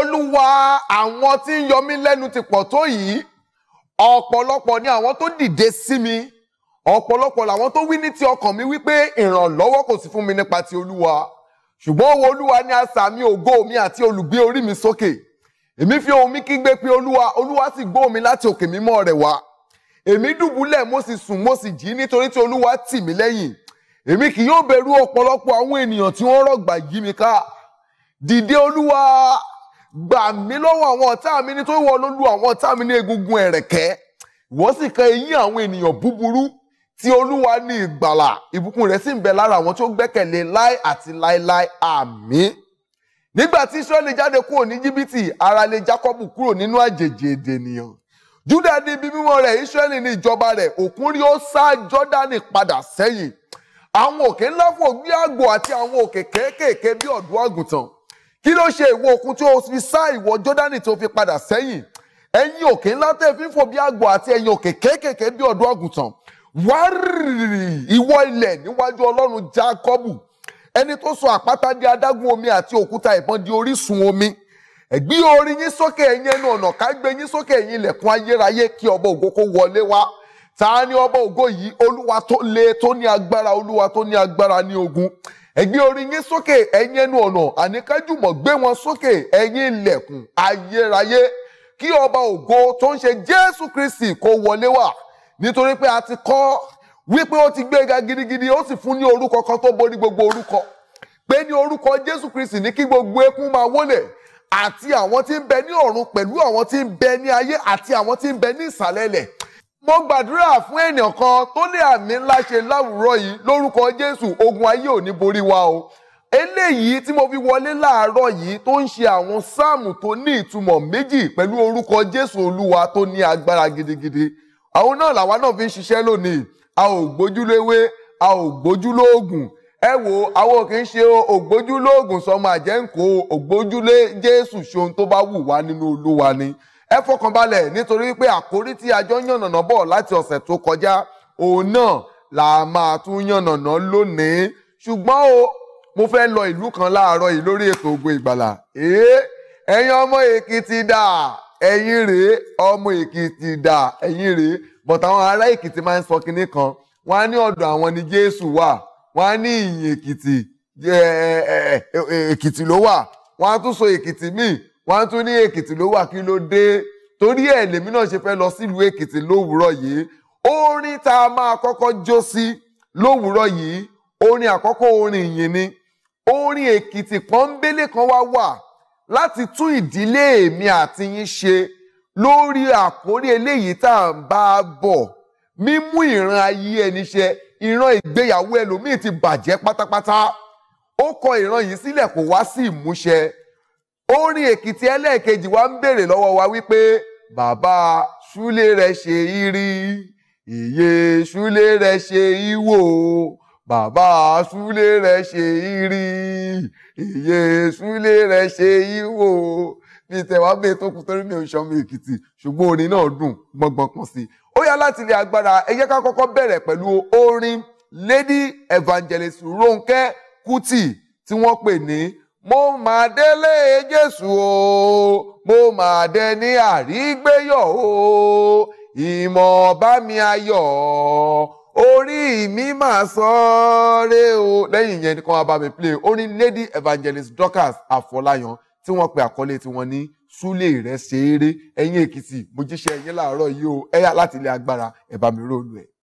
olúwa àwọn tí ń yọ mí lẹ́nu ti pọ̀ tó yìí ọ̀pọ̀lọpọ̀ ni àwọn tó dìde sí mi ọ̀pọ̀lọpọ̀ làwọn tó wí ní ti ọkàn mi wípé ìrànlọ́wọ́ kò sí fún mi nípa ti olúwa ṣùgbọ́n owó olúwa ni asà mi ògo mi àti olùgbé orí mi sókè èmi fi ohùn mi kígbe pé olúwa olúwa sì gbọ́ mi láti òkè mímọ́ rẹ̀ wá èmi dùbúlẹ̀ mo sì sùn mo sì jí nítorí tí olúwa tì mí lẹ́yìn èmi kì yóò bẹ̀rù ọ̀pọ̀lọpọ̀ àwọn ènìyàn tí wọ́n rọ̀gbà yí mi ká dìde olúwa gbà mí lọ́wọ́ àwọn ọ̀tá mi nítorí wọ́n ló lu àwọn ọ̀tá mi ní egungun ẹ̀rẹ̀kẹ́ wọ́n sì kan eyín àwọn ènìyàn búburú tí olúwa ní ìgbàlà ìbùkún rẹ̀ sì ń bẹ lára àwọn tí ó gbẹ́kẹ̀lé láì àti láíláí àmín nígbà tí israẹli jáde kúrò ní jìbìtì ara lé jacobu kúrò nínú àjèjì èdè ènìyàn juda ní ibi mímọ́ rẹ̀ israẹli ní ìjọba rẹ̀ òkun rí ó sá jọdani padà sẹ́yìn àwọn òkè ńlá fò gbé àgbò àti àwọn òkè kéékèèké bí ọ̀dọ́ àgùntàn kí ló ṣe ìwọ òkun tí o fi sá ìwọ jọdani tí o fi padà sẹ́yìn ẹ̀yin òkè ńlá tẹ́ fi ń fò bí àgbò àti ẹ̀yin òkè kéékèèké bí ọ̀dọ́ àgùntàn wárìrì ìwọ ilẹ̀ níwájú Ọlọ́run Jákọ́bù ẹni tó sọ àpáta di adágún omi àti òkúta ìbọn di orísun omi ẹ̀gbí orí yín sókè ẹ̀yin ẹnu ọ̀nà ká gbé yín sókè ẹ̀yin ilẹ̀kùn ayérayé kí ọba ògo kó wọlé wá ta ni ọba ògo yìí olúwa tó le tó ní agbára olúwa tó ní agbára ní ogun ẹ gbé orí yín sókè ẹ̀yin ẹnu ọ̀nà àníkájùmọ̀ gbé wọn sókè ẹ̀yin ilẹ̀kùn ayérayé kí ọba ògo tó ń ṣe jésù kristi kó wọlé wá nítorí pé a ti kọ́ wípé ó ti gbéga gidigidi ó sì fún ní orúkọ kan tó borí gbogbo orúkọ pé ní orúkọ jésù kristi ní kí gbogbo eékún máa wólẹ̀ àti àwọn tí ń bẹ ní ọ̀run pẹ̀lú àwọn tí ń bẹ ní ayé àti àwọn tí ń bẹ ní ìsàlẹ̀ mo gbàdúrà fún ènìyàn kan tó lè àmì ńlá ṣe láwùrọ̀ yìí lórúkọ jésù ogun ayé ò ní borí wa o eléyìí tí mo fi wọlé láàárọ̀ yìí tó ń ṣe àwọn sáàmù tó ní ìtumọ̀ méjì pẹ̀lú orúkọ jésù olúwa tó ní agbára gidigidi àwọn náà làwa náà fi ń ṣiṣẹ́ lónìí a ò gbójúléwé a ò gbójúlóògùn ẹ wo àwọn kì í ṣe ògbójúlóògùn sọmọ àjẹǹkó ògbójúlé jésù ṣohun tó bá wù wá nínú olúwa ni ẹ fọkàn balẹ̀ nítorí pé àkórí tí a jọ yànnàná bọ̀ láti ọ̀sẹ̀ tó kọjá òun náà la máa tún yànnàná lónìí ṣùgbọ́n o mo fẹ́ lọ ìlú kan láàárọ̀ yìí lórí ètò Ògo Ìgbàlà ẹ̀yin ọmọ Èkìtì dà ẹ̀yin rèé ọmọ Èkìtì dà ẹ̀yin rèé but àwọn ará Èkìtì máa ń sọ kinní kan wọ́n á ní ọ̀dọ̀ àwọn ni Jésù wà wọ́n á ní ìyìn Èkìtì Èkìtì ló wà wọ́n á tún sọ Èkìtì míì wọ́n tún ní èkìtì ló wà kí ló dé torí ẹ̀ lèmi náà ṣe fẹ́ lọ sílùú èkìtì lówùúrọ̀ yìí orin tá a máa kọ́kọ́ jó sí lówùúrọ̀ yìí orin àkọ́kọ́ orin ìyìn ni orin èkìtì pọ́ńbélé kan wá wà láti tún ìdílé èmi àti yín ṣe lórí àkórí eléyìí tá à bá a bọ̀ mímú ìran ayé ẹni ṣe ìran ìgbéyàwó ẹlòmíì ti bàjẹ́ pátápátá ó kọ ìran yìí sílẹ̀ kò wá sí ìmúṣẹ orin èkìtì ẹlẹ́ẹ̀kejì wa ń béèrè lọ́wọ́ wa wípé bàbá ṣúlé rẹ̀ ṣe irí iye ṣúlé rẹ̀ ṣe ìwò bàbá ṣúlé rẹ̀ ṣe irí iye ṣúlé rẹ̀ ṣe ìwò bí tẹ̀wá bẹ́ẹ̀ tó kù torí mi ò ṣọmọ èkìtì ṣùgbọ́n orin náà dùn gbọ̀ngbọ̀n kan sí i ó yá láti ilé agbára ẹ jẹ́ ká kọ́kọ́ bẹ̀rẹ̀ pẹ̀lú orin lady evangelist Ronke Kuti tí wọ́n pè ní mo mà délé jésù o mo mà dé ní àrígbéyọ̀ o ìmọ̀ bá mi ayọ̀ orí mi mà sọ́ọ́rẹ́ o lẹ́yìn yẹn nìkan wàá bá mi play orin lady evangelist dorcas àfọláyàn tí wọ́n pe àkọlé tiwọn ní súlé rẹ̀ ṣeré ẹ̀yìn èkìtì mo jíṣẹ́ ẹ̀yìn láàárọ̀ yìí o ẹ̀yà láti ilé agbára ẹ̀ bá mi rólu ẹ̀.